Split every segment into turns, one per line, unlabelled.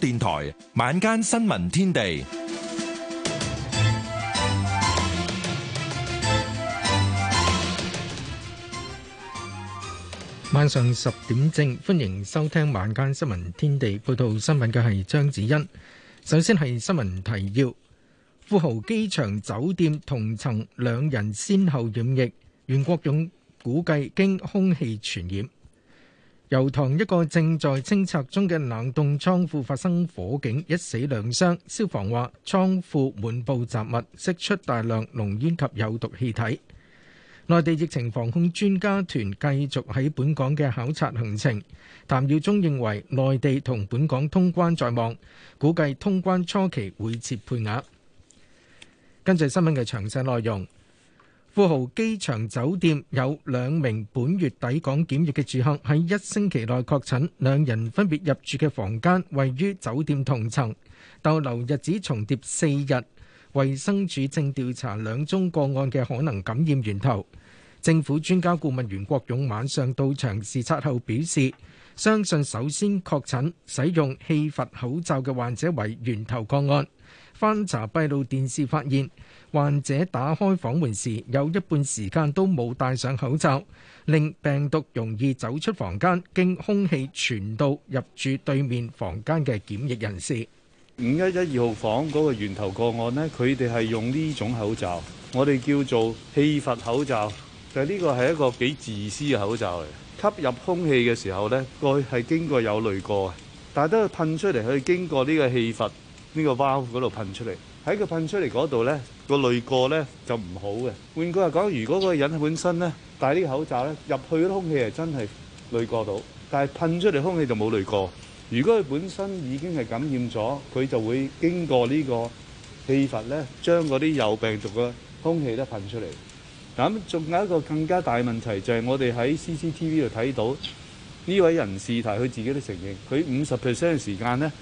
電台晚間新聞天地，
晚上十點正，歡迎收聽晚間新聞天地。報道新聞嘅係張子欣。首先係新聞提要：富豪機場酒店同層兩人先後染疫，袁國勇估計經空氣傳染。油塘一個正在清拆中嘅冷凍倉庫發生火警，一死兩傷。消防話倉庫滿佈雜物，釋出大量濃煙及有毒氣體。內地疫情防控專家團繼續喺本港嘅考察行程。譚耀宗認為內地同本港通關在望，估計通關初期會設配額。跟住新聞嘅詳細內容。富豪機場酒店有兩名本月抵港檢疫嘅住客喺一星期內確診，兩人分別入住嘅房間位於酒店同層，逗留日子重疊四日。衛生署正調查兩宗個案嘅可能感染源頭，政府專家顧問袁國勇晚上到場視察後表示，相信首先確診使用氣閥口罩嘅患者為源頭個案。翻查閉路電視發現，患者打開房門時有一半時間都冇戴上口罩，令病毒容易走出房間，經空氣傳到入住對面房間嘅檢疫人士。
五一一二號房嗰個源頭個案呢，佢哋係用呢種口罩，我哋叫做氣閥口罩，就呢個係一個幾自私嘅口罩嚟。吸入空氣嘅時候咧，佢係經過有濾過嘅，但係都噴出嚟去經過呢個氣閥。呢個 v a 嗰度噴出嚟，喺佢噴出嚟嗰度咧，個濾過咧就唔好嘅。換句話講，如果個人本身咧戴啲口罩咧入去啲空氣係真係濾過到，但係噴出嚟空氣就冇濾過。如果佢本身已經係感染咗，佢就會經過呢個氣閥咧，將嗰啲有病毒嘅空氣都噴出嚟。咁，仲有一個更加大嘅問題就係、是、我哋喺 CCTV 度睇到呢位人士提佢自己都承認，佢五十 percent 嘅時間咧。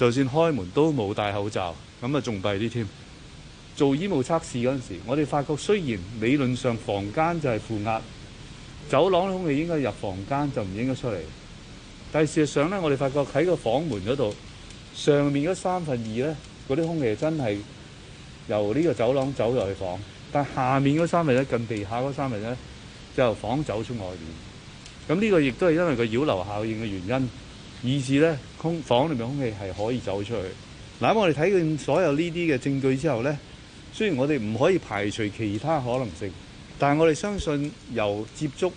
就算開門都冇戴口罩，咁啊仲弊啲添。做醫務測試嗰陣時，我哋發覺雖然理論上房間就係負壓，走廊空氣應該入房間就唔應該出嚟，但事實上咧，我哋發覺喺個房門嗰度，上面嗰三分二咧，嗰啲空氣真係由呢個走廊走入去房，但下面嗰三分一咧近地下嗰三分一咧就由房走出外面。咁呢個亦都係因為佢擾流效應嘅原因。二是咧空房裏面空氣係可以走出去。嗱，我哋睇完所有呢啲嘅證據之後呢，雖然我哋唔可以排除其他可能性，但係我哋相信由接觸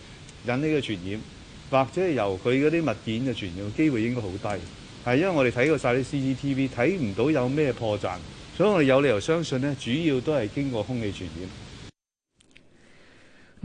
引起嘅傳染，或者係由佢嗰啲物件嘅傳染機會應該好低。係因為我哋睇過晒啲 CCTV，睇唔到有咩破綻，所以我哋有理由相信呢，主要都係經過空氣傳染。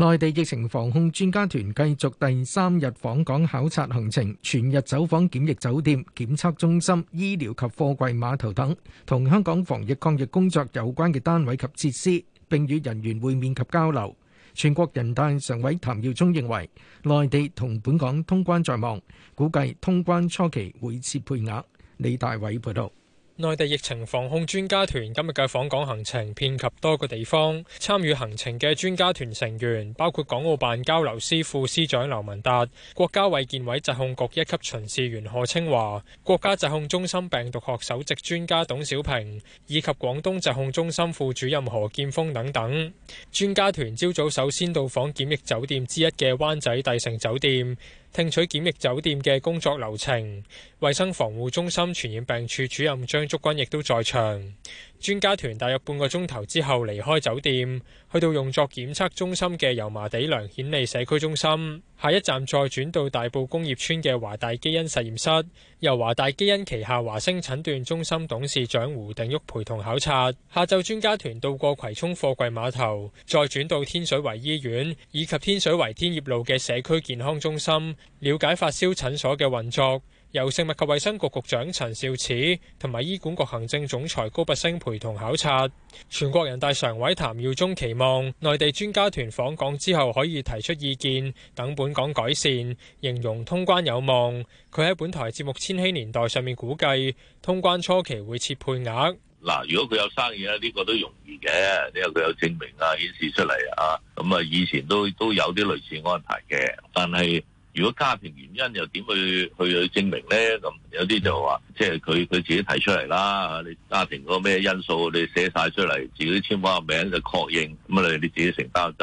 內地疫情防控專家團繼續第三日訪港考察行程，全日走訪檢疫酒店、檢測中心、醫療及貨櫃碼頭等，同香港防疫抗疫工作有關嘅單位及設施，並與人員會面及交流。全國人大常委譚耀宗認為，內地同本港通關在望，估計通關初期會設配額。李大偉報道。
內地疫情防控專家團今日嘅訪港行程遍及多個地方，參與行程嘅專家團成員包括港澳辦交流司副司長劉文達、國家衛健委疾控局一級巡視員何清華、國家疾控中心病毒學首席專家董小平以及廣東疾控中心副主任何建峰等等。專家團朝早首先到訪檢疫酒店之一嘅灣仔帝城酒店。聽取檢疫酒店嘅工作流程，衛生防護中心傳染病處主任張竹君亦都在場。專家團大約半個鐘頭之後離開酒店。去到用作檢測中心嘅油麻地梁顯利社區中心，下一站再轉到大埔工業村嘅華大基因實驗室，由華大基因旗下華星診斷中心董事長胡定旭陪同考察。下晝專家團到過葵涌貨櫃碼頭，再轉到天水圍醫院以及天水圍天業路嘅社區健康中心，了解發燒診所嘅運作。由食物及衛生局局長陳肇始同埋醫管局行政總裁高拔升陪同考察。全國人大常委譚耀宗期望內地專家團訪港之後可以提出意見，等本港改善，形容通關有望。佢喺本台節目《千禧年代》上面估計通關初期會設配
額。嗱，如果佢有生意呢，呢、呢個都容易嘅，你有佢有證明啊，顯示出嚟啊。咁啊，以前都都有啲類似安排嘅，但係。如果家庭原因又點去去去證明咧？咁有啲就話，即係佢佢自己提出嚟啦。你家庭嗰個咩因素，你寫晒出嚟，自己簽翻個名就確認。咁啊，你你自己承擔一集。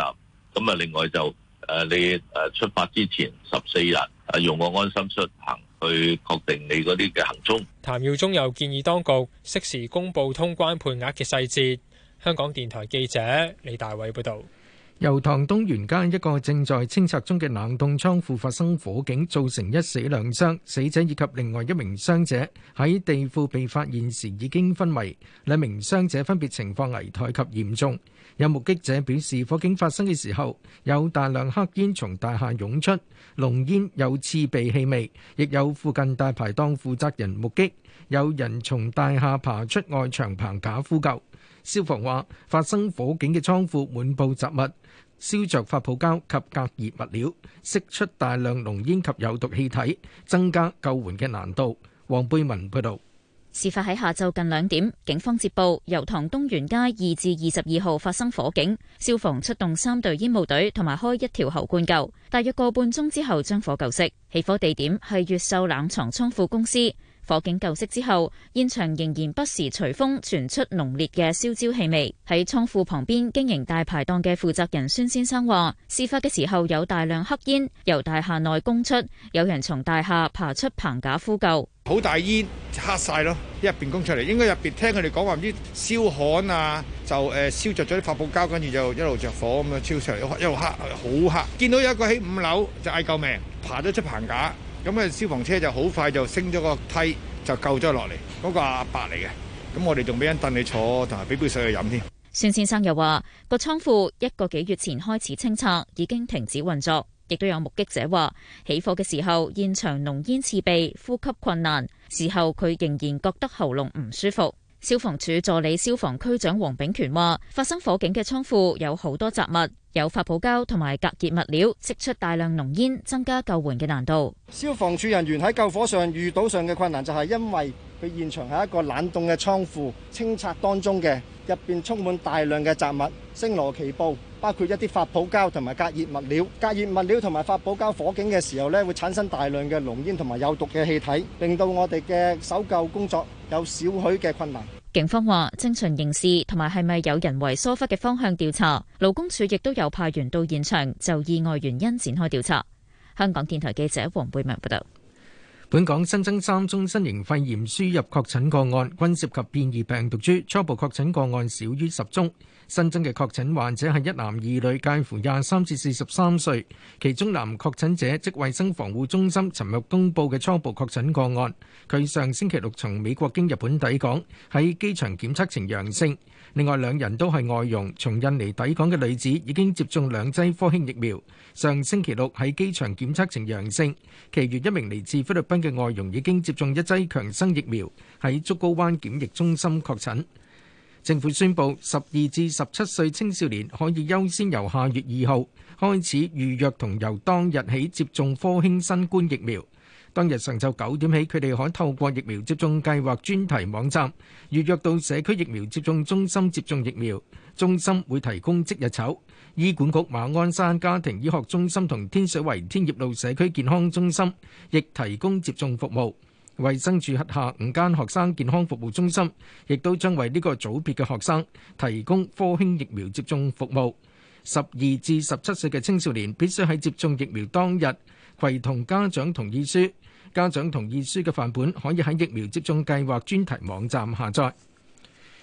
咁啊，另外就誒你誒出發之前十四日啊，用個安心出行去確定你嗰啲嘅行蹤。
譚耀宗又建議當局適時公布通關配額嘅細節。香港電台記者李大偉報道。
由唐東園街一個正在清拆中嘅冷凍倉庫發生火警，造成一死兩傷。死者以及另外一名傷者喺地庫被發現時已經昏迷，兩名傷者分別情況危殆及嚴重。有目擊者表示，火警發生嘅時候有大量黑煙從大廈湧出，濃煙有刺鼻氣味，亦有附近大排檔負責人目擊，有人從大廈爬出外牆棚架呼救。消防話，發生火警嘅倉庫滿布雜物。燒着發泡膠及隔熱物料，釋出大量濃煙及有毒氣體，增加救援嘅難度。黃貝文報道，
事發喺下晝近兩點，警方接報油塘東元街二至二十二號發生火警，消防出動三隊煙霧隊同埋開一條喉灌救，大約個半鐘之後將火救熄。起火地點係越秀冷藏倉庫公司。火警救熄之後，現場仍然不時隨風傳出濃烈嘅燒焦氣味。喺倉庫旁邊經營大排檔嘅負責人孫先生話，事發嘅時候有大量黑煙由大廈內攻出，有人從大廈爬出棚架呼救。
好大煙，黑晒咯，一入邊供出嚟。應該入邊聽佢哋講話唔知燒焊啊，就誒燒着咗啲發泡膠，跟住就一路着火咁啊，超出嚟一路黑，好黑。見到有一個喺五樓就嗌救命，爬咗出棚架。咁啊！消防車就好快就升咗個梯，就救咗落嚟。嗰個阿伯嚟嘅，咁我哋仲俾人凳，你坐，同埋俾杯水去飲添。
孫先生又話：個倉庫一個幾月前開始清拆，已經停止運作。亦都有目擊者話，起火嘅時候現場濃煙刺鼻，呼吸困難。事後佢仍然覺得喉嚨唔舒服。消防處助理消防區長黃炳權話，發生火警嘅倉庫有好多雜物，有發泡膠同埋隔熱物料，釋出大量濃煙，增加救援嘅難度。消
防處人員喺救火上遇到上嘅困難就係因為佢現場係一個冷凍嘅倉庫，清拆當中嘅，入邊充滿大量嘅雜物，星羅棋布，包括一啲發泡膠同埋隔熱物料。隔熱物料同埋發泡膠火警嘅時候呢，會產生大量嘅濃煙同埋有毒嘅氣體，令到我哋嘅搜救工作。有少許嘅困難。
警方話：偵查刑事同埋係咪有人為疏忽嘅方向調查。勞工處亦都有派員到現場就意外原因展開調查。香港電台記者黃貝明報道。
本港新增三宗新型肺炎輸入確診個案，均涉及變異病毒株。初步確診個案少於十宗。新增嘅確診患者係一男二女，介乎廿三至四十三歲，其中男確診者即衛生防護中心尋日公布嘅初步確診個案，佢上星期六從美國經日本抵港，喺機場檢測呈陽性。另外兩人都係外傭，從印尼抵港嘅女子已經接種兩劑科興疫苗，上星期六喺機場檢測呈陽性。其餘一名嚟自菲律賓嘅外傭已經接種一劑強生疫苗，喺竹篙灣檢疫中心確診。政府宣布，十二至十七歲青少年可以優先由下月二號開始預約，同由當日起接種科興新冠疫苗。當日上晝九點起，佢哋可透過疫苗接種計劃專題網站預約到社區疫苗接種中心接種疫苗。中心會提供即日籌。醫管局馬鞍山家庭醫學中心同天水圍天業路社區健康中心亦提供接種服務。衛生署轄下五間學生健康服務中心，亦都將為呢個組別嘅學生提供科興疫苗接種服務。十二至十七歲嘅青少年必須喺接種疫苗當日，攜同家長同意書。家長同意書嘅範本可以喺疫苗接種計劃專題網站下載。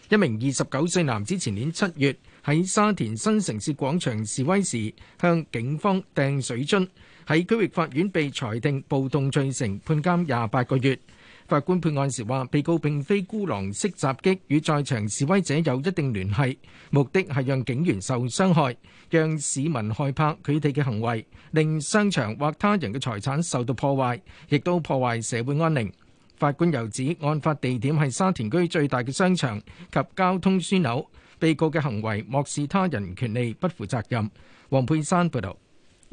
一名二十九歲男子前年七月喺沙田新城市廣場示威時，向警方掟水樽。喺區域法院被裁定暴動罪成，判監廿八個月。法官判案時話，被告並非孤狼式襲擊，與在場示威者有一定聯繫，目的係讓警員受傷害，讓市民害怕佢哋嘅行為，令商場或他人嘅財產受到破壞，亦都破壞社會安寧。法官又指，案發地點係沙田區最大嘅商場及交通樞紐，被告嘅行為漠視他人權利，不負責任。黃佩珊報道。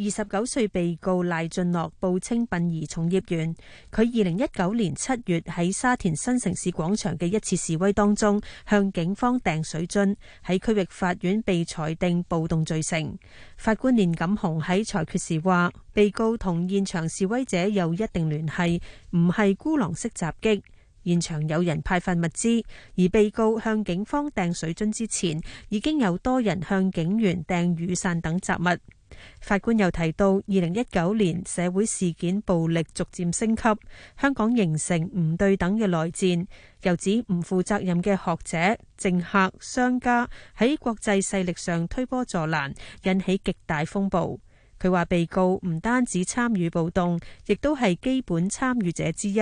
二十九歲被告賴俊樂報稱，殯儀從業員。佢二零一九年七月喺沙田新城市廣場嘅一次示威當中，向警方掟水樽，喺區域法院被裁定暴動罪成。法官連錦雄喺裁決時話，被告同現場示威者有一定聯繫，唔係孤狼式襲擊。現場有人派發物資，而被告向警方掟水樽之前，已經有多人向警員掟雨傘等雜物。法官又提到，二零一九年社會事件暴力逐漸升級，香港形成唔對等嘅內戰，又指唔負責任嘅學者、政客、商家喺國際勢力上推波助瀾，引起極大風暴。佢話：被告唔單止參與暴動，亦都係基本參與者之一。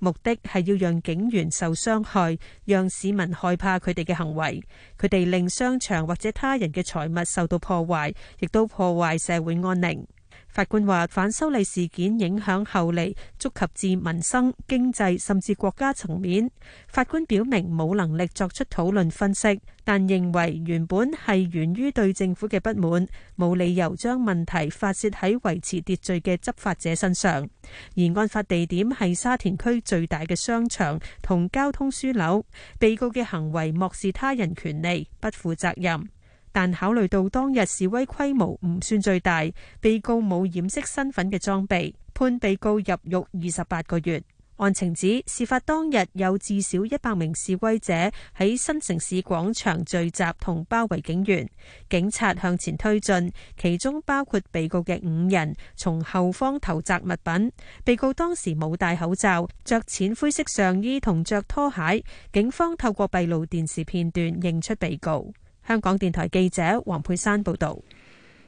目的係要讓警員受傷害，讓市民害怕佢哋嘅行為。佢哋令商場或者他人嘅財物受到破壞，亦都破壞社會安寧。法官話反修例事件影響後嚟，觸及至民生、經濟甚至國家層面。法官表明冇能力作出討論分析，但認為原本係源於對政府嘅不滿，冇理由將問題發洩喺維持秩序嘅執法者身上。而案發地點係沙田區最大嘅商場同交通樞紐，被告嘅行為漠視他人權利，不負責任。但考慮到當日示威規模唔算最大，被告冇掩飾身份嘅裝備，判被告入獄二十八個月。案情指，事發當日有至少一百名示威者喺新城市廣場聚集同包圍警員，警察向前推進，其中包括被告嘅五人從後方投擲物品。被告當時冇戴口罩，着淺灰色上衣同着拖鞋。警方透過閉路電視片段認出被告。香港電台記者黃佩珊報道：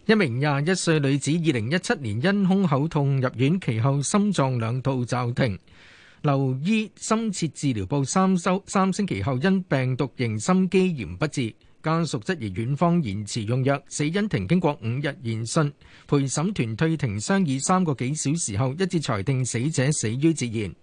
一名廿一歲女子，二零一七年因胸口痛入院，其後心臟兩度驟停，留醫深切治療部三周三星期後，因病毒型心肌炎不治。家屬質疑院方延遲用藥，死因庭經過五日驗訊，陪審團退庭商議三個幾小時後，一致裁定死者死於自然。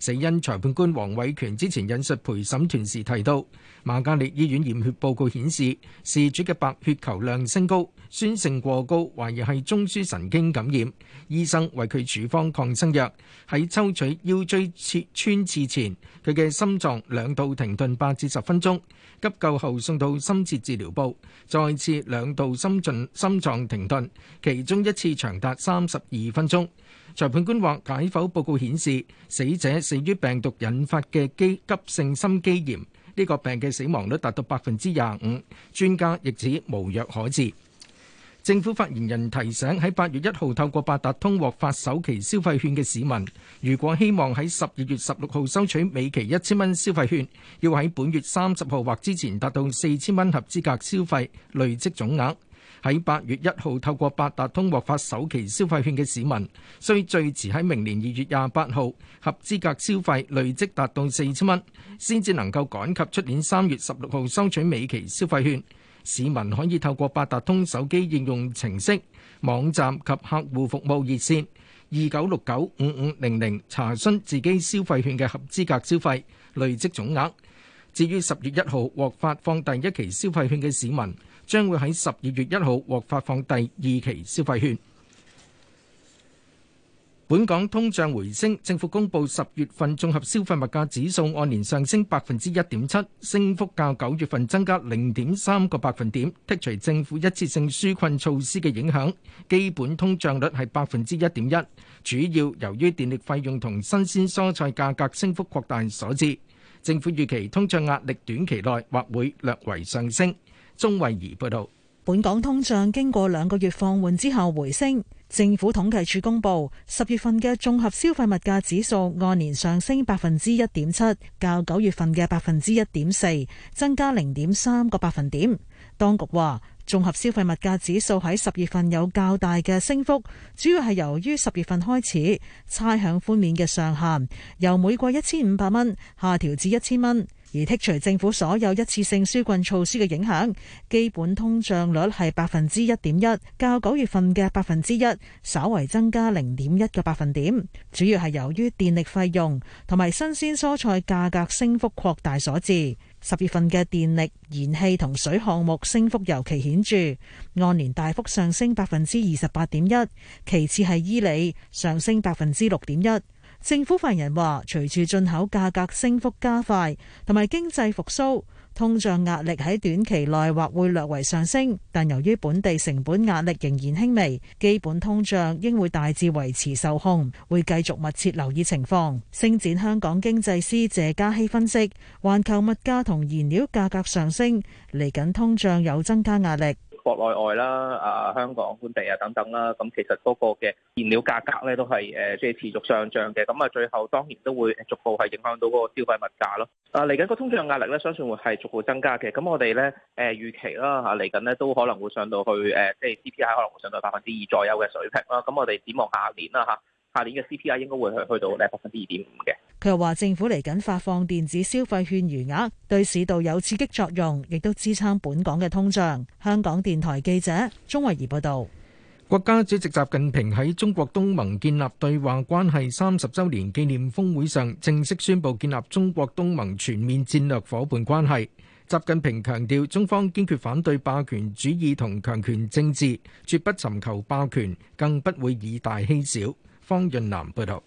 死因裁判官黃偉權之前引述陪審團時提到。瑪嘉烈醫院驗血報告顯示，事主嘅白血球量升高、酸性過高，懷疑係中樞神經感染。醫生為佢處方抗生藥。喺抽取腰椎刺穿刺前，佢嘅心臟兩度停頓八至十分鐘，急救後送到深切治療部，再次兩度心進心臟停頓，其中一次長達三十二分鐘。裁判官話：解剖報告顯示，死者死於病毒引發嘅機急性心肌炎。呢個病嘅死亡率達到百分之廿五，專家亦指無藥可治。政府發言人提醒：喺八月一號透過八達通獲發首期消費券嘅市民，如果希望喺十二月十六號收取每期一千蚊消費券，要喺本月三十號或之前達到四千蚊合資格消費累積總額。喺八月一號透過八達通獲發首期消費券嘅市民，需最遲喺明年二月廿八號合資格消費累積達到四千蚊，先至能夠趕及出年三月十六號收取尾期消費券。市民可以透過八達通手機應用程式、網站及客戶服務熱線二九六九五五零零查詢自己消費券嘅合資格消費累積總額。至於十月一號獲發放第一期消費券嘅市民，將會喺十二月一號獲發放第二期消費券。本港通脹回升，政府公布十月份綜合消費物價指數按年上升百分之一點七，升幅較九月份增加零點三個百分點，剔除政府一次性紓困措施嘅影響，基本通脹率係百分之一點一，主要由於電力費用同新鮮蔬菜價格升幅擴大所致。政府預期通脹壓力短期內或會略為上升。鍾慧儀報道，
本港通脹經過兩個月放緩之後回升。政府統計處公布，十月份嘅綜合消費物價指數按年上升百分之一點七，較九月份嘅百分之一點四增加零點三個百分點。當局話，綜合消費物價指數喺十月份有較大嘅升幅，主要係由於十月份開始，差餉寬免嘅上限由每個一千五百蚊下調至一千蚊。1, 000, 而剔除政府所有一次性紓困措施嘅影響，基本通脹率係百分之一點一，較九月份嘅百分之一稍為增加零點一嘅百分點，主要係由於電力費用同埋新鮮蔬菜價格升幅擴大所致。十月份嘅電力、燃氣同水項目升幅尤其顯著，按年大幅上升百分之二十八點一，其次係伊利上升百分之六點一。政府發言人話，隨住進口價格升幅加快，同埋經濟復甦，通脹壓力喺短期內或會略為上升，但由於本地成本壓力仍然輕微，基本通脹應會大致維持受控，會繼續密切留意情況。星展香港經濟師謝嘉熙分析，環球物價同燃料價格上升，嚟緊通脹有增加壓力。
國內外啦，啊香
港本地啊等等啦，咁、啊、其實嗰個嘅燃料價格咧都係誒即係持續上漲嘅，咁啊最後當然都會逐步係影響到嗰個消費物價咯。啊嚟緊個通脹壓力咧，相信會係逐步增加嘅。咁我哋咧誒預期啦吓嚟緊咧都可能會上到去誒、呃、即係 CPI
可能會上到百分之二左右嘅水平啦。咁我哋展望下一年啦吓。啊下年嘅 CPI 應該會去去到咧百分之二點五
嘅。佢又話，政府嚟緊發放電子消費券餘額，對市道有刺激作用，亦都支撐本港嘅通脹。香港電台記者鍾慧儀報道。
國家主席習近平喺中國東盟建立對話關係三十周年紀念峰會上正式宣布建立中國東盟全面戰略夥伴關係。習近平強調，中方堅決反對霸權主義同強權政治，絕
不尋求霸權，更不會以大欺小。方潤南報道，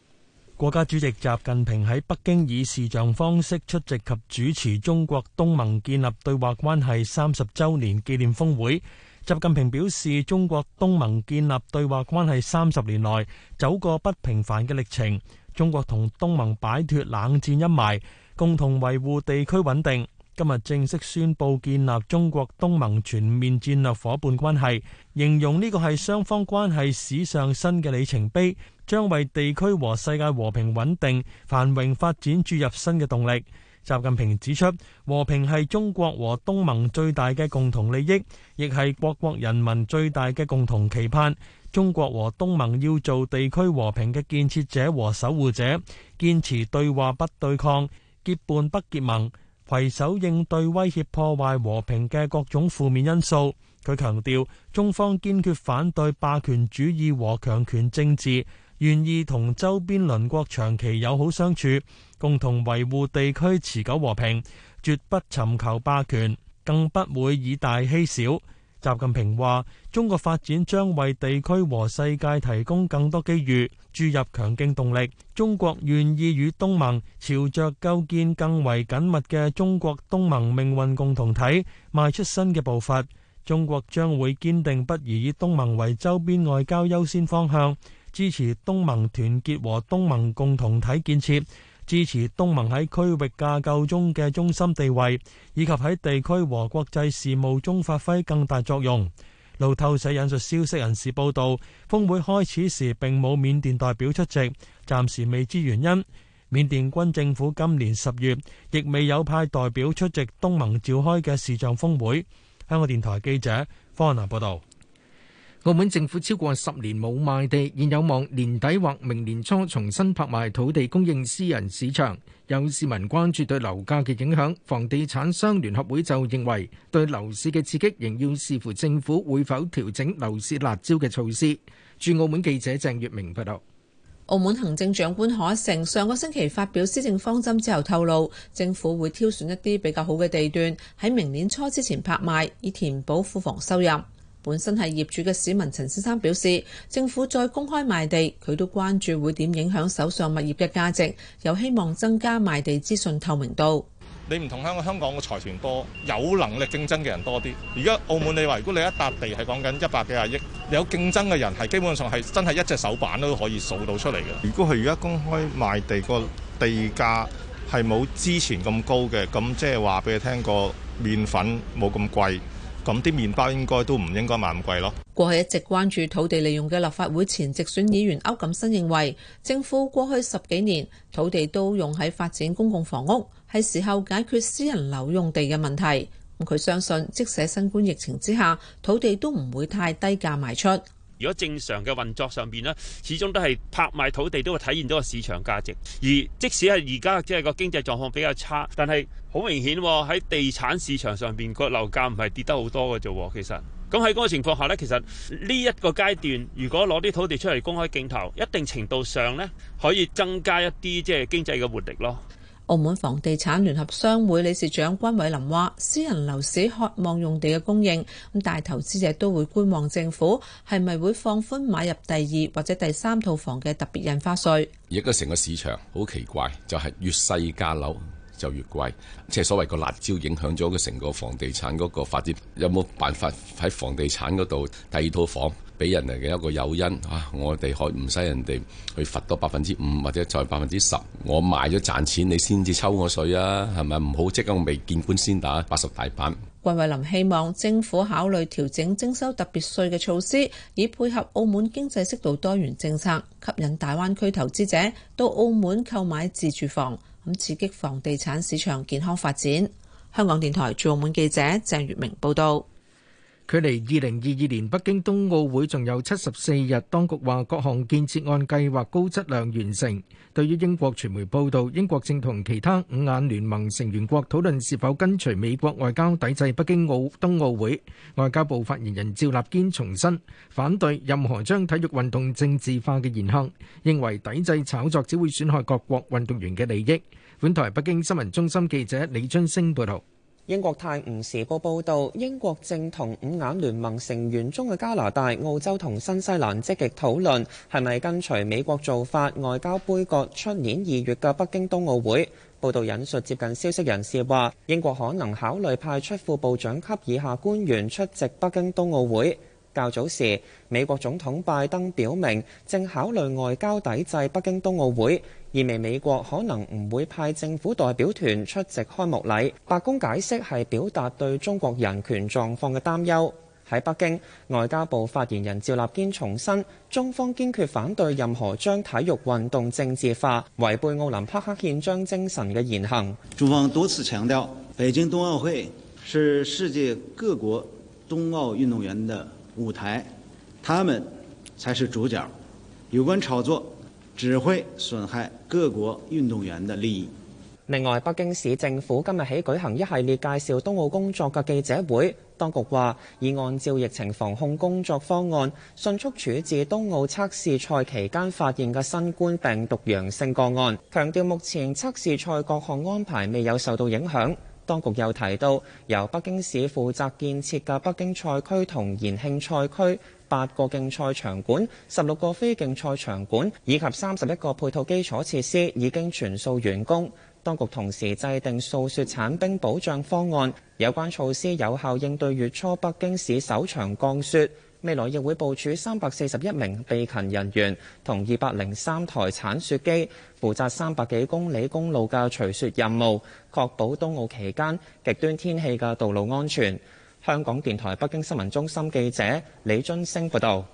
國家主席習近平喺北京以視像方式出席及主持中國東盟建立對話關係三十周年紀念峰會。習近平表示，中國東盟建立對話關係三十年來，走過不平凡嘅歷程。中國同東盟擺脫冷戰陰霾，共同維護地區穩定。今日正式宣布建立中國東盟全面戰略夥伴關係，形容呢個係雙方關係史上新嘅里程碑，將為地區和世界和平穩定、繁榮發展注入新嘅動力。習近平指出，和平係中國和東盟最大嘅共同利益，亦係各國人民最大嘅共同期盼。中國和東盟要做地區和平嘅建設者和守護者，堅持對話不對抗，結伴不結盟。攜手應對威脅破壞和平嘅各種負面因素。佢強調，中方堅決反對霸權主義和強權政治，願意同周邊鄰國長期友好相處，共同維護地區持久和平，絕不尋求霸權，更不會以大欺小。習近平話：中國發展將為地區和世界提供更多機遇，注入強勁動力，中國願意與東盟朝着構建更為緊密嘅中國東盟命運共同體，邁出新嘅步伐。中國將會堅定不移以東盟為周邊外交優先方向，支持東盟團結和東盟共同體建設，支持東盟喺區域架構中嘅中心地位，以及喺地區和國際事務中發揮更大作用。路透社引述消息人士報道，峰會開始時並冇緬甸代表出席，暫時未知原因。緬甸軍政府今年十月亦未有派代表出席東盟召開嘅視像峰會。香港電台記者方安娜報道。
澳門政府超過十年冇賣地，現有望年底或明年初重新拍賣土地供應私人市場。有市民關注對樓價的影響。房地產商聯合會就認為，對樓市的刺激仍要視乎政府會否調整樓市辣招的措施。駐澳門記者鄭月明報道。
澳門行政長官賀一誠上個星期發表施政方針之後透露，政府會挑選一些比較好的地段，在明年初之前拍賣，以填補庫房收入。本身係業主嘅市民陳先生表示，政府再公開賣地，佢都關注會點影響手上物業嘅價值，有希望增加賣地資訊透明度。
你唔同香港，香港嘅財團多，有能力競爭嘅人多啲。而家澳門，你話如果你一笪地係講緊一百幾廿億，有競爭嘅人係基本上係真係一隻手板都可以數到出嚟嘅。如果佢而家公開賣地，個地價係冇之前咁高嘅，咁即係話俾你聽，個麵粉冇咁貴。咁啲麵包應該都唔應該賣咁貴咯。
過去一直關注土地利用嘅立法會前直選議員歐錦新認為，政府過去十幾年土地都用喺發展公共房屋，係時候解決私人樓用地嘅問題。咁佢相信，即使新冠疫情之下，土地都唔會太低價賣出。
如果正常嘅運作上邊咧，始終都係拍賣土地都會體現到個市場價值。而即使係而家即係個經濟狀況比較差，但係好明顯喎，喺地產市場上邊個樓價唔係跌得好多嘅啫。其實咁喺嗰個情況下呢，其實呢一個階段，如果攞啲土地出嚟公開競投，一定程度上呢，可以增加一啲即係經濟嘅活力咯。
澳門房地產聯合商會理事長關偉林話，私人樓市渴望用地嘅供應，咁大投資者都會觀望政府係咪會放寬買入第二或者第三套房嘅特別印花稅。
而家成個市場好奇怪，就係、是、越細價樓，就越貴，即係所謂個辣椒影響咗個成個房地產嗰個發展。有冇辦法喺房地產嗰度第二套房俾人哋嘅一個誘因啊？我哋可唔使人哋去罰多百分之五，或者再百分之十，我賣咗賺錢，你先至抽我水啊？係咪唔好即刻未見官先打八十大板？
韋慧林希望政府考慮調整徵收特別稅嘅措施，以配合澳門經濟適度多元政策，吸引大灣區投資者到澳門購買自住房。咁刺激房地產市場健康發展。香港電台駐澳門記者鄭月明報導。距離2022年北京冬奧會
仲有七十四日，當局話各項建設按計劃高質量完成。對於英國傳媒報道，英國正同其他五眼聯盟成員國討論是否跟隨美國外交抵制北京奧冬奧會。外交部發言人趙立堅重申，反對任何將體育運動政治化嘅言行，認為抵制炒作只會損害各國運動員嘅利益。本台北京新聞中心記者李津星報道。
英國《泰晤士報》報道，英國正同五眼聯盟成員中嘅加拿大、澳洲同新西蘭積極討論，係咪跟隨美國做法，外交杯葛出年二月嘅北京冬奧會。報道引述接近消息人士話，英國可能考慮派出副部長級以下官員出席北京冬奧會。較早時，美國總統拜登表明正考慮外交抵制北京冬奧會，意味美國可能唔會派政府代表團出席開幕禮。白宮解釋係表達對中國人權狀況嘅擔憂。喺北京，外交部發言人趙立堅重申，中方堅決反對任何將體育運動政治化、違背奧林匹克憲章精神嘅言行。中方多次強調，北京冬奧會
是世界各國冬奧運動員的。舞台，他們才是主角。有關炒作，只會損害各
國運動員的利益。另外，北京市政府今日起舉行一系列介紹冬奧工作嘅記者會。當局話，已按照疫情防控工作方案，迅速處置冬奧測試賽期間發現嘅新冠病毒陽性個案，強調目前測試賽各項安排未有受到影響。當局又提到，由北京市負責建設嘅北京賽區同延慶賽區八個競賽場館、十六個非競賽場館以及三十一個配套基礎設施已經全數完工。當局同時制定掃雪鏟冰保障方案，有關措施有效應對月初北京市首場降雪。未來亦會部署三百四十一名備勤人員同二百零三台鏟雪機，負責三百幾公里公路嘅除雪任務，確保冬奧期間極端天氣嘅道路安全。香港電台北京新聞中心記者李津升報道。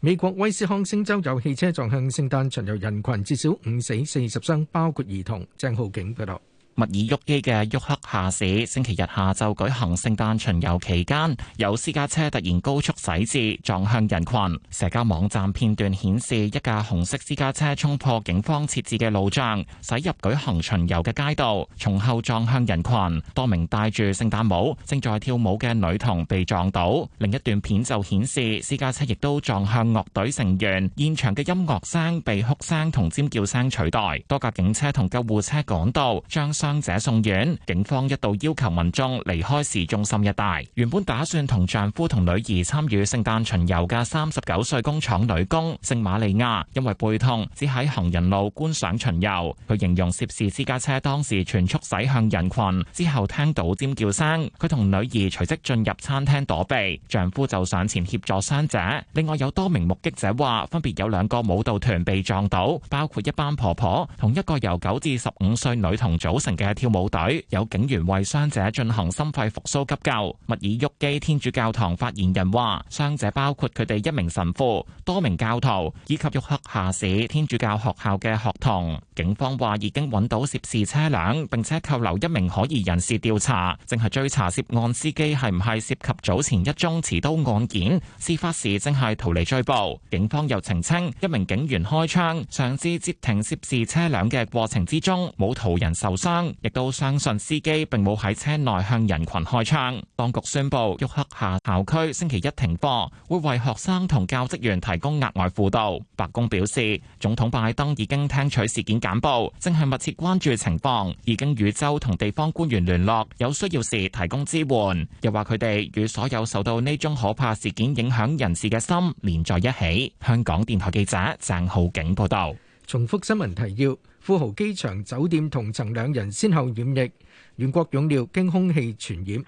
美國威斯康星州有汽車撞向聖誕巡遊人群，至少五死四十傷，包括兒童。鄭浩景報道。
密爾沃基嘅沃克夏市，星期日下晝舉行聖誕巡遊期間，有私家車突然高速駛至，撞向人群。社交網站片段顯示，一架紅色私家車衝破警方設置嘅路障，駛入舉行巡遊嘅街道，從後撞向人群，多名戴住聖誕帽、正在跳舞嘅女童被撞倒。另一段片就顯示，私家車亦都撞向樂隊成員，現場嘅音樂聲被哭聲同尖叫聲取代。多架警車同救護車趕到，將傷者送院，警方一度要求民眾離開市中心一帶。原本打算同丈夫同女兒參與聖誕巡遊嘅三十九歲工廠女工聖瑪利亞，因為背痛只喺行人路觀賞巡遊。佢形容涉事私家車當時全速駛向人群，之後聽到尖叫聲，佢同女兒隨即進入餐廳躲避，丈夫就上前協助傷者。另外有多名目擊者話，分別有兩個舞蹈團被撞倒，包括一班婆婆同一個由九至十五歲女童組成。嘅跳舞隊有警員為傷者進行心肺復甦急救。密爾沃基天主教堂發言人話，傷者包括佢哋一名神父、多名教徒以及沃克下市天主教學校嘅學童。警方話已經搵到涉事車輛，並且扣留一名可疑人士調查，正係追查涉案司機係唔係涉及早前一宗持刀案件。事發時正係逃離追捕。警方又澄清，一名警員開槍上至截停涉事車輛嘅過程之中，冇途人受傷。亦都相信司機並冇喺車內向人群開槍。當局宣布，沃克夏校區星期一停課，會為學生同教職員提供額外輔導。白宮表示，總統拜登已經聽取事件簡報，正係密切關注情況，已經與州同地方官員聯絡，有需要時提供支援。又話佢哋與所有受到呢宗可怕事件影響人士嘅心連在一起。香港電台記者鄭浩景報道。重複新聞提要。富
豪機場酒店同層兩人先後染疫，袁國勇料經空氣傳染。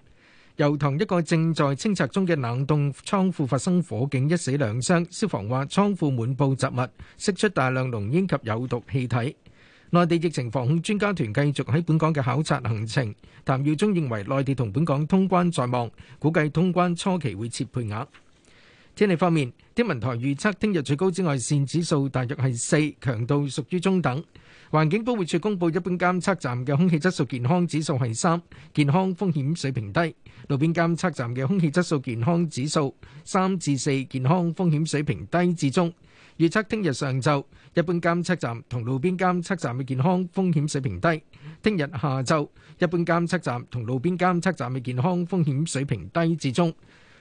油塘一個正在清拆中嘅冷凍倉庫發生火警，一死兩傷。消防話倉庫滿布雜物，釋出大量濃煙及有毒氣體。內地疫情防控專家團繼續喺本港嘅考察行程。譚耀宗認為內地同本港通關在望，估計通關初期會設配額。天氣方面，天文台預測聽日最高紫外線指數大約係四，強度屬於中等。環境保護署公布，一般監測站嘅空氣質素健康指數係三，健康風險水平低；路邊監測站嘅空氣質素健康指數三至四，健康風險水平低至中。預測聽日上晝，一般監測站同路邊監測站嘅健康風險水平低；聽日下晝，一般監測站同路邊監測站嘅健康風險水平低至中。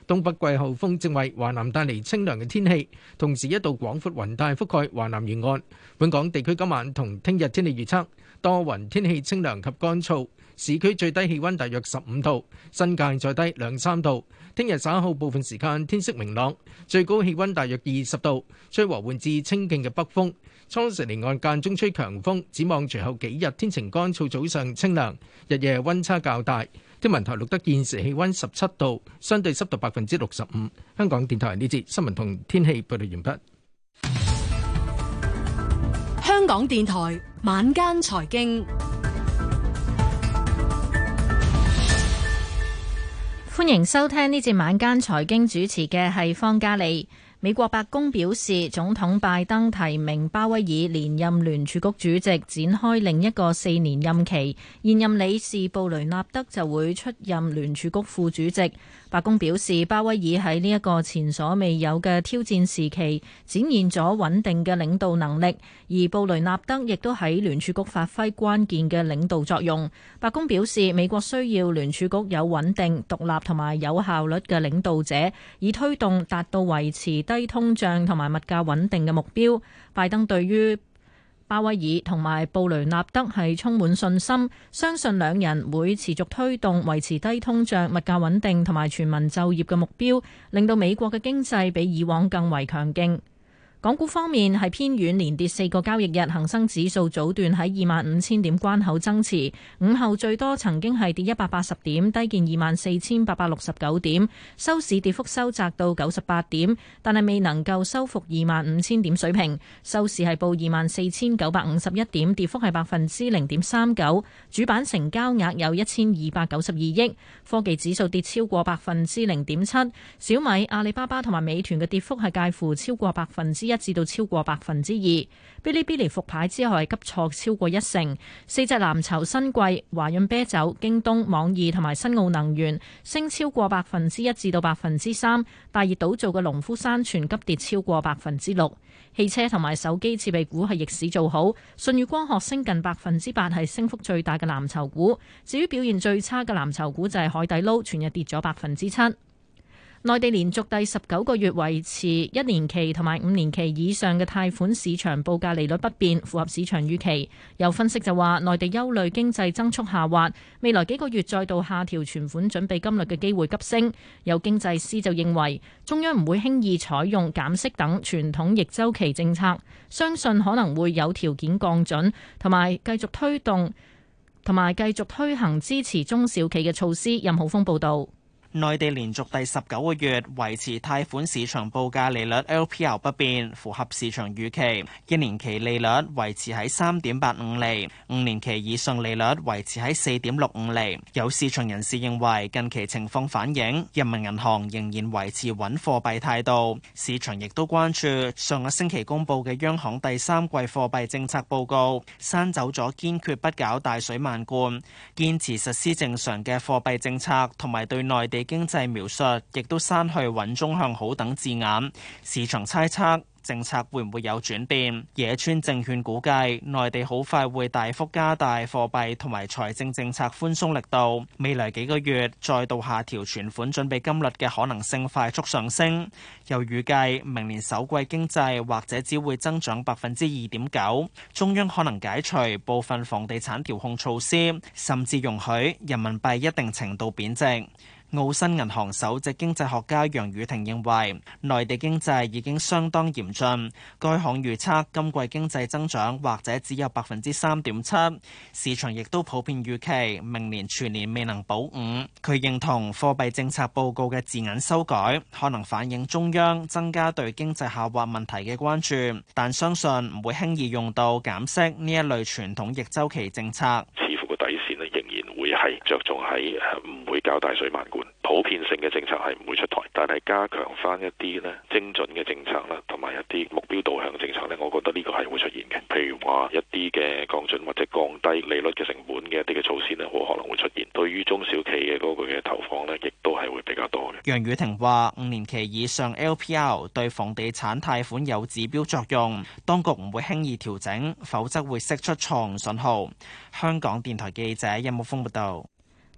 東北季候風正為華南帶嚟清涼嘅天氣，同時一道廣闊雲帶覆蓋華南沿岸。本港地區今晚同聽日天氣預測多雲，天氣清涼及乾燥，市區最低氣溫大約十五度，新界再低兩三度。聽日稍後部分時間天色明朗，最高氣溫大約二十度，吹和緩至清勁嘅北風。初時離岸間中吹強風，展望隨後幾日天晴乾燥，早上清涼，日夜溫差較大。天文台錄得現時氣溫十七度，相對濕度百分之六十五。香港電台呢節新聞同天氣報道完畢。
香港電台晚
間財經，歡迎收聽呢節晚間財經，主持嘅係方嘉利。美國白宮表示，總統拜登提名鮑威爾連任聯儲局主席，展開另一個四年任期。現任理事布雷納德就會出任聯儲局副主席。白宮表示，鮑威爾喺呢一個前所未有嘅挑戰時期，展現咗穩定嘅領導能力，而布雷納德亦都喺聯儲局發揮關鍵嘅領導作用。白宮表示，美國需要聯儲局有穩定、獨立同埋有效率嘅領導者，以推動達到維持低通脹同埋物價穩定嘅目標，拜登對於鮑威爾同埋布雷納德係充滿信心，相信兩人會持續推動維持低通脹、物價穩定同埋全民就業嘅目標，令到美國嘅經濟比以往更為強勁。港股方面係偏軟，連跌四個交易日。恒生指數早段喺二萬五千點關口增持，午後最多曾經係跌一百八十點，低見二萬四千八百六十九點。收市跌幅收窄到九十八點，但係未能夠收復二萬五千點水平。收市係報二萬四千九百五十一點，跌幅係百分之零點三九。主板成交額有一千二百九十二億。科技指數跌超過百分之零點七，小米、阿里巴巴同埋美團嘅跌幅係介乎超過百分之。一至到超過百分之二，嗶哩嗶哩復牌之後係急挫超過一成，四隻藍籌新貴華潤啤酒、京東、網易同埋新奧能源升超過百分之一至到百分之三，大熱倒灶嘅農夫山泉急跌超過百分之六，汽車同埋手機設備股係逆市做好，舜宇光學升近百分之八，係升幅最大嘅藍籌股，至於表現最差嘅藍籌股就係海底撈，全日跌咗百分之七。內地連續第十九個月維持一年期同埋五年期以上嘅貸款市場報價利率不變，符合市場預期。有分析就話，內地憂慮經濟增速下滑，未來幾個月再度下調存款準備金率嘅機會急升。有經濟師就認為，中央唔會輕易採用減息等傳統逆周期政策，相信可能會有條件降準，同埋繼續推動同埋繼續推行支持中小企嘅措施。任浩峰報道。
內地連續第十九個月維持貸款市場報價利率 LPR 不變，符合市場預期。一年期利率維持喺三點八五厘，五年期以上利率維持喺四點六五厘。有市場人士認為，近期情況反映人民銀行仍然維持穩貨幣態度。市場亦都關注上個星期公佈嘅央行第三季貨幣政策報告，刪走咗堅決不搞大水漫灌，堅持實施正常嘅貨幣政策，同埋對內地經濟描述亦都刪去穩中向好等字眼。市場猜測政策會唔會有轉變？野村證券估計，內地好快會大幅加大貨幣同埋財政政策寬鬆力度。未來幾個月再度下調存款準備金率嘅可能性快速上升。又預計明年首季經濟或者只會增長百分之二點九。中央可能解除部分房地產調控措施，甚至容許人民幣一定程度貶值。澳新銀行首席經濟學家楊宇霆認為，內地經濟已經相當嚴峻。該行預測今季經濟增長或者只有百分之三點七，市場亦都普遍預期明年全年未能保五。佢認同貨幣政策報告嘅字眼修改，可能反映中央增加對經濟下滑問題嘅關注，但相信唔會輕易用到減息呢一類傳統逆週期政策。
着重喺唔會交大水漫灌。普遍性嘅政策係唔會出台，但係加強翻一啲咧精準嘅政策啦，同埋一啲目標導向嘅政策咧，我覺得呢個係會出現嘅。譬如話一啲嘅降準或者降低利率嘅成本嘅一啲嘅措施咧，好可能會出現。對於中小企嘅嗰個嘅投放咧，亦都係會
比較多嘅。楊雨婷話，五年期以上 LPR 對房地產貸款有指標作用，當局唔會輕易調整，否則會釋出錯誤信號。香港電台記者任木峯報道。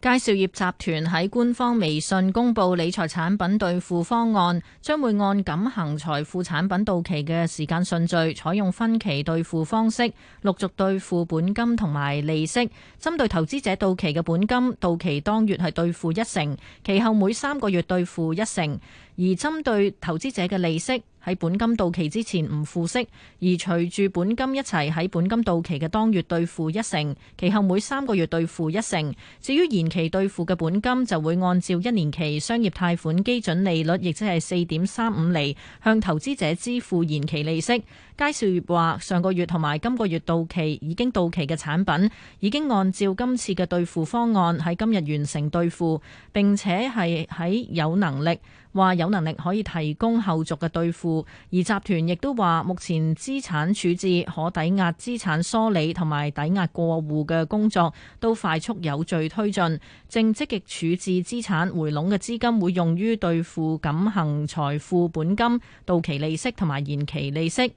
佳兆業集團喺官方微信公布理財產品兌付方案，將會按錦恒財富產品到期嘅時間順序，採用分期兌付方式，陸續兌付本金同埋利息。針對投資者到期嘅本金，到期當月係兌付一成，其後每三個月兌付一成。而針對投資者嘅利息喺本金到期之前唔付息，而隨住本金一齊喺本金到期嘅當月兌付一成，其後每三個月兌付一成。至於延期兌付嘅本金就會按照一年期商業貸款基準利率，亦即係四點三五厘，向投資者支付延期利息。介紹話：上個月同埋今個月到期已經到期嘅產品已經按照今次嘅兌付方案喺今日完成兌付，並且係喺有能力，話有能力可以提供後續嘅兌付，而集團亦都話目前資產處置、可抵押資產梳理同埋抵押過戶嘅工作都快速有序推進，正積極處置資產回籠嘅資金會用於兌付錦恆財富本金、到期利息同埋延期利息。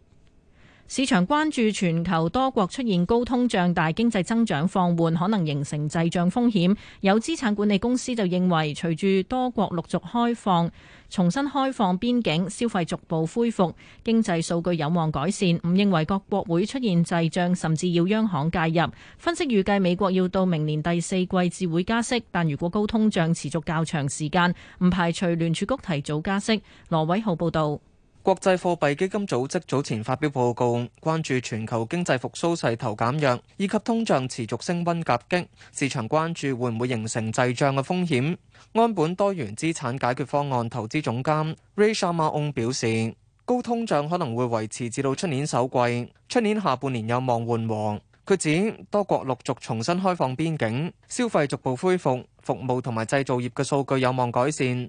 市場關注全球多國出現高通脹，大經濟增長放緩，可能形成滯脹風險。有資產管理公司就認為，隨住多國陸續開放、重新開放邊境，消費逐步恢復，經濟數據有望改善。唔認為各國會出現滯脹，甚至要央行介入。分析預計美國要到明年第四季至會加息，但如果高通脹持續較長時間，唔排除聯儲局提早加息。羅偉浩報道。國際貨
幣基金組織早前發表報告，關注全球經濟復甦勢頭減弱，以及通脹持續升溫夾擊，市場關注會唔會形成滯脹嘅風險。安本多元資產解決方案投資總監 Ray Sharma 表示：高通脹可能會維持至到出年首季，出年下半年有望緩和。佢指多國陸續重新開放邊境，消費逐步恢復，服務同埋製造業嘅數據有望改善。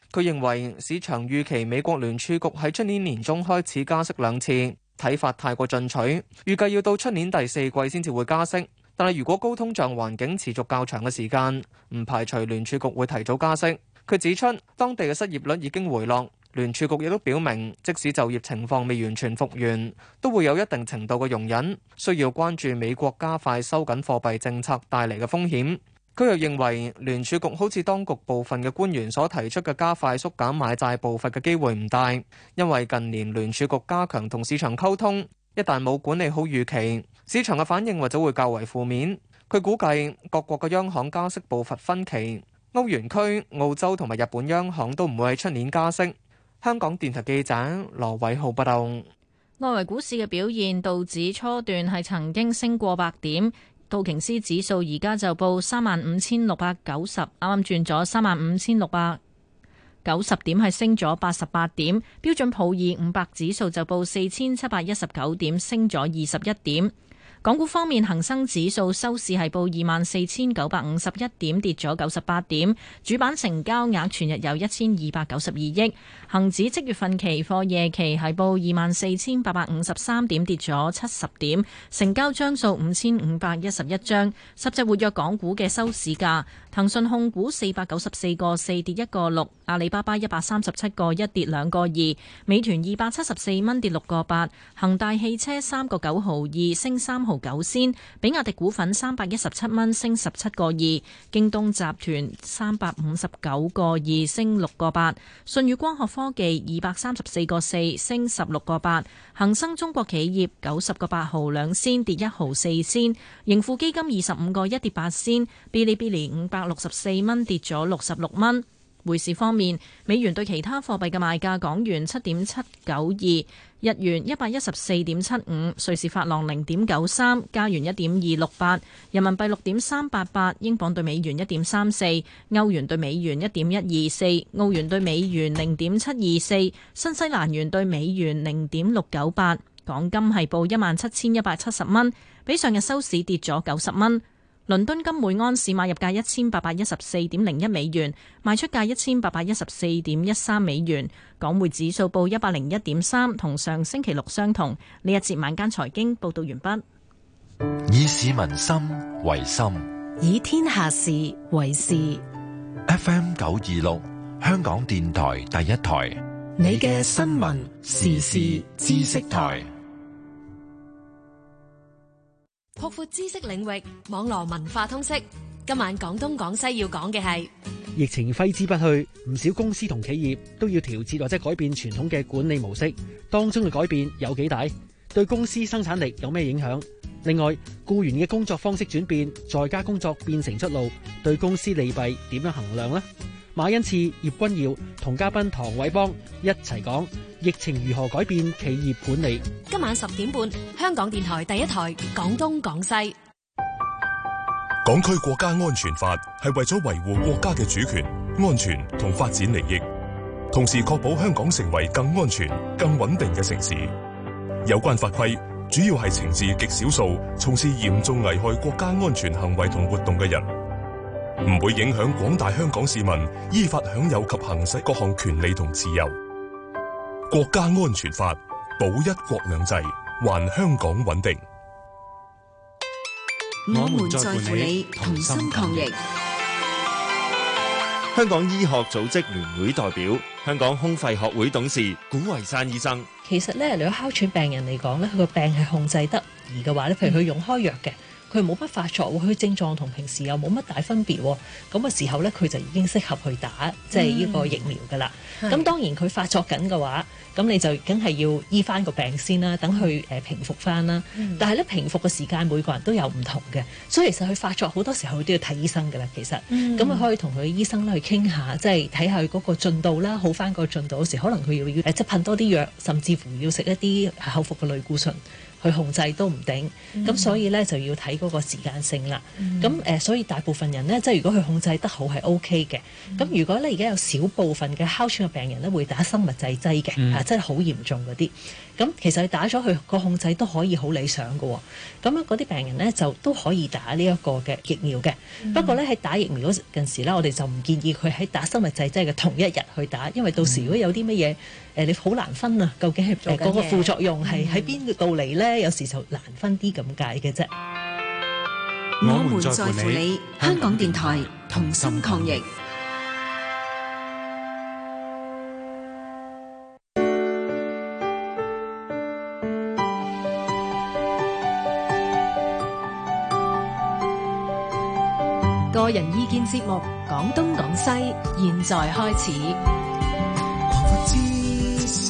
佢認為市場預期美國聯儲局喺出年年中開始加息兩次，睇法太過進取。預計要到出年第四季先至會加息，但係如果高通脹環境持續較長嘅時間，唔排除聯儲局會提早加息。佢指出，當地嘅失業率已經回落，聯儲局亦都表明，即使就業情況未完全復原，都會有一定程度嘅容忍。需要關注美國加快收緊貨幣政策帶嚟嘅風險。佢又認為聯儲局好似當局部分嘅官員所提出嘅加快縮減買債步伐嘅機會唔大，因為近年聯儲局加強同市場溝通，一旦冇管理好預期，市場嘅反應或者會較為負面。佢估計各國嘅央行加息步伐分歧，歐元區、澳洲同埋日本央行都唔會喺出年加息。香港電台記者羅偉浩報道。
外圍股市嘅表現，道指初段係曾經升過百點。道瓊斯指數而家就報三萬五千六百九十，啱啱轉咗三萬五千六百九十點，係升咗八十八點。標準普爾五百指數就報四千七百一十九點，升咗二十一點。港股方面，恒生指數收市係報二萬四千九百五十一點，跌咗九十八點。主板成交額全日有一千二百九十二億。恒指即月份期貨夜期係報二萬四千八百五十三點，跌咗七十點，成交張數五千五百一十一張。十隻活躍港股嘅收市價：騰訊控股四百九十四個四跌一個六，阿里巴巴一百三十七個一跌兩個二，美團二百七十四蚊跌六個八，恒大汽車三個九毫二升三九仙，比亞迪股份三百一十七蚊升十七個二，京東集團三百五十九個二升六個八，舜宇光學科技二百三十四個四升十六個八，恒生中國企業九十個八毫兩仙跌一毫四仙，盈富基金二十五個一跌八仙，嗶哩嗶哩五百六十四蚊跌咗六十六蚊。匯市方面，美元對其他貨幣嘅賣價：港元七點七九二，日元一百一十四點七五，瑞士法郎零點九三，加元一點二六八，人民幣六點三八八，英鎊對美元一點三四，歐元對美元一點一二四，澳元對美元零點七二四，新西蘭元對美元零點六九八。港金係報一萬七千一百七十蚊，比上日收市跌咗九十蚊。倫敦金每安士買入價一千八百一十四點零一美元，賣出價一千八百一十四點一三美元。港匯指數報一百零一點三，同上星期六相同。呢一節晚間財經報道完畢。
以市民心為心，
以天下事為事。FM
九二六，香港電台第一台，你嘅新聞時
事知識台。
擴闊知識領域，網絡文化通識。今晚廣東廣西要講嘅係
疫情
揮之不去，唔少公司同企業都要調節或者改變傳統嘅管理模式。當中嘅改變有幾大？對公司生產力有咩影響？另外僱員嘅工作方式轉變，在家工作變成出路，對公司利弊點樣衡量呢？
馬恩賜、葉君耀同嘉賓唐偉邦一齊講疫情如何改
變企業管理。
今晚十點半，香港電台第一台講東講西。
港區國家安全法係為咗維護國家嘅主權、安全同發展利益，同時確保香港成為更安全、更穩定嘅城市。有關法規主要係懲治極少數從事嚴重危害國家安全行為同活動嘅人。唔會影響廣大香港市民依法享有及行使各項權利同自由。國家安全法保一國兩制，還香港穩定。我們在乎你同心抗疫。
同同
香
港醫學組織聯會代表、香港胸肺學會董事古維山醫生。
其實咧，如果哮喘病人嚟講咧，佢個病係控制得宜嘅話咧，譬如佢用開藥嘅。嗯佢冇乜發作，佢症狀同平時又冇乜大分別，咁嘅時候呢，佢就已經適合去打即係呢個疫苗噶啦。咁、嗯、當然佢發作緊嘅話，咁你就梗係要醫翻個病先啦，等佢誒平復翻啦。嗯、但係咧平復嘅時間每個人都有唔同嘅，所以其實佢發作好多時候都要睇醫生噶啦。其實咁佢、嗯、可以同佢醫生去傾下，即係睇下佢嗰個進度啦，好翻個進度嗰時，可能佢要、呃、即係噴多啲藥，甚至乎要食一啲口服嘅類固醇。去控制都唔頂，咁、嗯、所以呢，就要睇嗰個時間性啦。咁誒、嗯呃，所以大部分人呢，即係如果佢控制得好係 O K 嘅。咁、嗯、如果呢，而家有少部分嘅哮喘嘅病人呢，會打生物製劑嘅，嚇、嗯，真係好嚴重嗰啲。咁其實打咗佢個控制都可以好理想嘅、哦。咁啊，嗰啲病人呢，就都可以打呢一個嘅疫苗嘅。嗯、不過呢，喺打疫苗嗰陣時呢，我哋就唔建議佢喺打生物製劑嘅同一日去打，因為到時如果有啲乜嘢。誒你好難分啊，究竟係誒嗰個副作用係喺邊度嚟咧？嗯，有時就難分啲咁解嘅啫。
我們在乎你，香港電台同心抗疫。
抗疫。
個人意見節目講東講西，現在開始。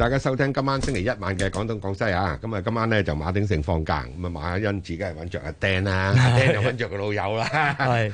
大家收聽今晚星期一晚嘅廣東廣西啊，咁啊今晚咧就馬鼎盛放假，咁啊馬亞欣自己係揾着阿 Dan 啦，阿 Dan 就揾着個老友啦，係，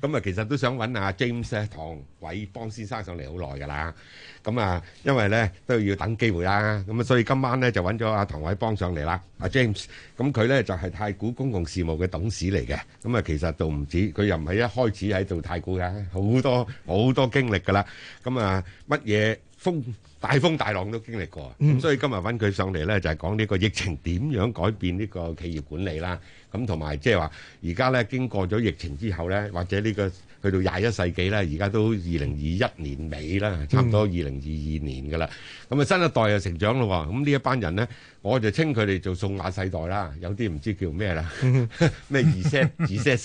咁啊其實都想揾阿 James 唐偉邦先生上嚟好耐噶啦，咁啊因為咧都要等機會啦，咁啊所以今晚咧就揾咗阿唐偉邦上嚟啦，阿 James，咁佢咧就係太古公共事務嘅董事嚟嘅，咁啊其實就唔止，佢又唔係一開始喺度做太古嘅，好多好多經歷噶啦，咁啊乜嘢風。大風大浪都經歷過，嗯、所以今日揾佢上嚟，咧就係講呢個疫情點樣改變呢個企業管理啦，咁同埋即係話而家咧經過咗疫情之後咧，或者呢、這個去到廿一世紀咧而家都二零二一年尾啦，差唔多二零二二年噶啦，咁啊、嗯、新一代又成長咯喎，咁呢一班人咧，我就稱佢哋做宋亞世代啦，有啲唔知叫咩啦，咩二 set 二 set。 麼